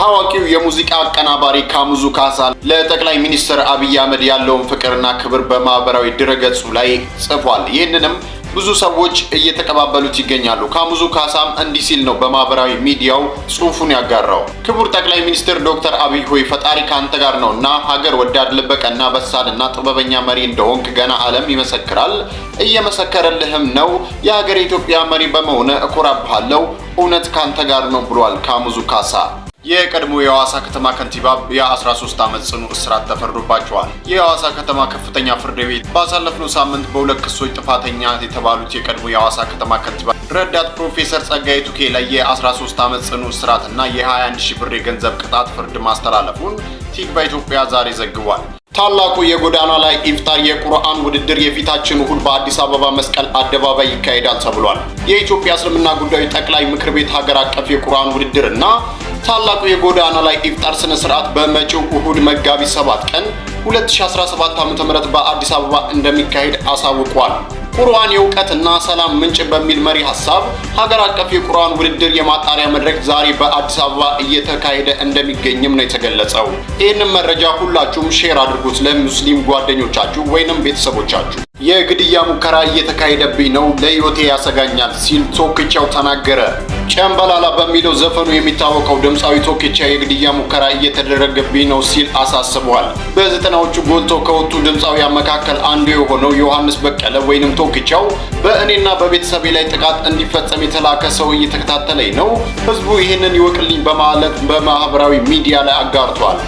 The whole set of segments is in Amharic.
ታዋቂው የሙዚቃ አቀናባሪ ካሙዙ ካሳ ለጠቅላይ ሚኒስትር አብይ አህመድ ያለውን ፍቅርና ክብር በማህበራዊ ድረገጹ ላይ ጽፏል። ይህንንም ብዙ ሰዎች እየተቀባበሉት ይገኛሉ። ካሙዙ ካሳም እንዲህ ሲል ነው በማህበራዊ ሚዲያው ጽሁፉን ያጋራው። ክቡር ጠቅላይ ሚኒስትር ዶክተር አብይ ሆይ ፈጣሪ ከአንተ ጋር ነው እና ሀገር ወዳድ ልበቀና በሳልና ጥበበኛ መሪ እንደሆንክ ገና ዓለም ይመሰክራል፣ እየመሰከረልህም ነው። የሀገር የኢትዮጵያ መሪ በመሆነ እኮራብሃለሁ፣ እውነት ከአንተ ጋር ነው ብሏል ካሙዙ ካሳ። የቀድሞ የሐዋሳ ከተማ ከንቲባ የ13 ዓመት ጽኑ እስራት ተፈርዶባቸዋል። የሐዋሳ ከተማ ከፍተኛ ፍርድ ቤት ባሳለፍነው ሳምንት በሁለት ክሶች ጥፋተኛ የተባሉት የቀድሞ የሐዋሳ ከተማ ከንቲባ ረዳት ፕሮፌሰር ጸጋይ ቱኬ ላይ የ13 ዓመት ጽኑ እስራትና የ21 ሺ ብር የገንዘብ ቅጣት ፍርድ ማስተላለፉን ቲክ በኢትዮጵያ ዛሬ ዘግቧል። ታላቁ የጎዳና ላይ ኢፍጣር የቁርአን ውድድር የፊታችን እሁድ በአዲስ አበባ መስቀል አደባባይ ይካሄዳል ተብሏል። የኢትዮጵያ እስልምና ጉዳዮች ጠቅላይ ምክር ቤት ሀገር አቀፍ የቁርአን ውድድር እና ታላቁ የጎዳና ላይ ኢፍጣር ስነ ስርዓት በመጪው እሁድ መጋቢት 7 ቀን 2017 ዓ.ም በአዲስ አበባ እንደሚካሄድ አሳውቋል። ቁርአን የእውቀትና ሰላም ምንጭ በሚል መሪ ሀሳብ ሀገር አቀፍ የቁርአን ውድድር የማጣሪያ መድረክ ዛሬ በአዲስ አበባ እየተካሄደ እንደሚገኝም ነው የተገለጸው። ይህንም መረጃ ሁላችሁም ሼር አድርጉት ለሙስሊም ጓደኞቻችሁ ወይንም ቤተሰቦቻችሁ። የግድያ ሙከራ እየተካሄደብኝ ነው፣ ለህይወቴ ያሰጋኛል ሲል ቶክቻው ተናገረ። ጨምበላላ በሚለው ዘፈኑ የሚታወቀው ድምፃዊ ቶክቻ የግድያ ሙከራ እየተደረገብኝ ነው ሲል አሳስቧል። በዘጠናዎቹ ጎልቶ ከወጡ ድምፃዊያን መካከል አንዱ የሆነው ዮሐንስ በቀለ ወይንም ቶክቻው በእኔና በቤተሰቤ ላይ ጥቃት እንዲፈጸም የተላከ ሰው እየተከታተለኝ ነው፣ ህዝቡ ይህንን ይወቅልኝ በማለት በማህበራዊ ሚዲያ ላይ አጋርቷል።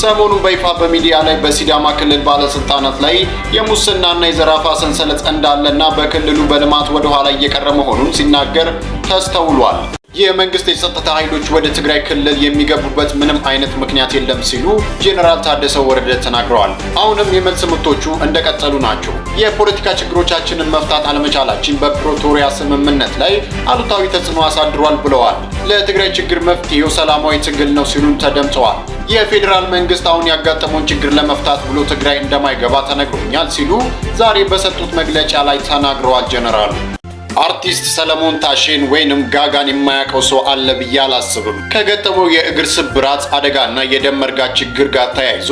ሰሞኑን በይፋ በሚዲያ ላይ በሲዳማ ክልል ባለስልጣናት ላይ የሙስናና የዘራፋ ሰንሰለት እንዳለና በክልሉ በልማት ወደኋላ እየቀረ መሆኑን ሲናገር ተስተውሏል። የመንግስት የጸጥታ ኃይሎች ወደ ትግራይ ክልል የሚገቡበት ምንም አይነት ምክንያት የለም ሲሉ ጄኔራል ታደሰ ወረደ ተናግረዋል። አሁንም የመልስ ምቶቹ እንደቀጠሉ ናቸው። የፖለቲካ ችግሮቻችንን መፍታት አለመቻላችን በፕሮቶሪያ ስምምነት ላይ አሉታዊ ተጽዕኖ አሳድሯል ብለዋል። ለትግራይ ችግር መፍትሄው ሰላማዊ ትግል ነው ሲሉም ተደምጸዋል። የፌዴራል መንግስት አሁን ያጋጠመውን ችግር ለመፍታት ብሎ ትግራይ እንደማይገባ ተነግሮኛል ሲሉ ዛሬ በሰጡት መግለጫ ላይ ተናግረዋል። ጀነራሉ አርቲስት ሰለሞን ታሼን ወይንም ጋጋን የማያውቀው ሰው አለ ብዬ አላስብም። ከገጠመው የእግር ስብራት አደጋና የደም መርጋት ችግር ጋር ተያይዞ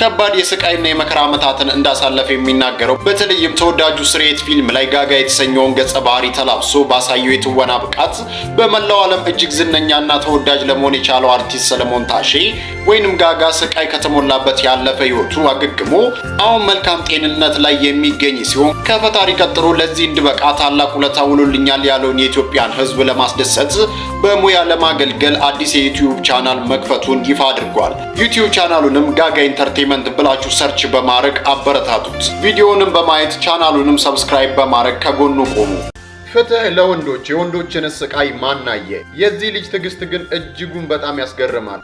ከባድ የስቃይና የመከራ ዓመታትን እንዳሳለፈ የሚናገረው በተለይም ተወዳጁ ስርየት ፊልም ላይ ጋጋ የተሰኘውን ገጸ ባህሪ ተላብሶ ባሳየው የትወና ብቃት በመላው ዓለም እጅግ ዝነኛና ተወዳጅ ለመሆን የቻለው አርቲስት ሰለሞን ታሼ ወይንም ጋጋ ስቃይ ከተሞላበት ያለፈ ህይወቱ አገግሞ አሁን መልካም ጤንነት ላይ የሚገኝ ሲሆን ከፈጣሪ ቀጥሮ ለዚህ እንድበቃ ታላቅ ውለታ ታውሎልኛል ያለውን የኢትዮጵያን ህዝብ ለማስደሰት በሙያ ለማገልገል አዲስ የዩቲዩብ ቻናል መክፈቱን ይፋ አድርጓል። ዩቲዩብ ቻናሉንም ጋጋ ኢንተርቴንመንት ብላችሁ ሰርች በማድረግ አበረታቱት። ቪዲዮንም በማየት ቻናሉንም ሰብስክራይብ በማድረግ ከጎኑ ቆሙ። ፍትህ ለወንዶች የወንዶችን ስቃይ ማናየ የዚህ ልጅ ትዕግስት ግን እጅጉን በጣም ያስገርማል።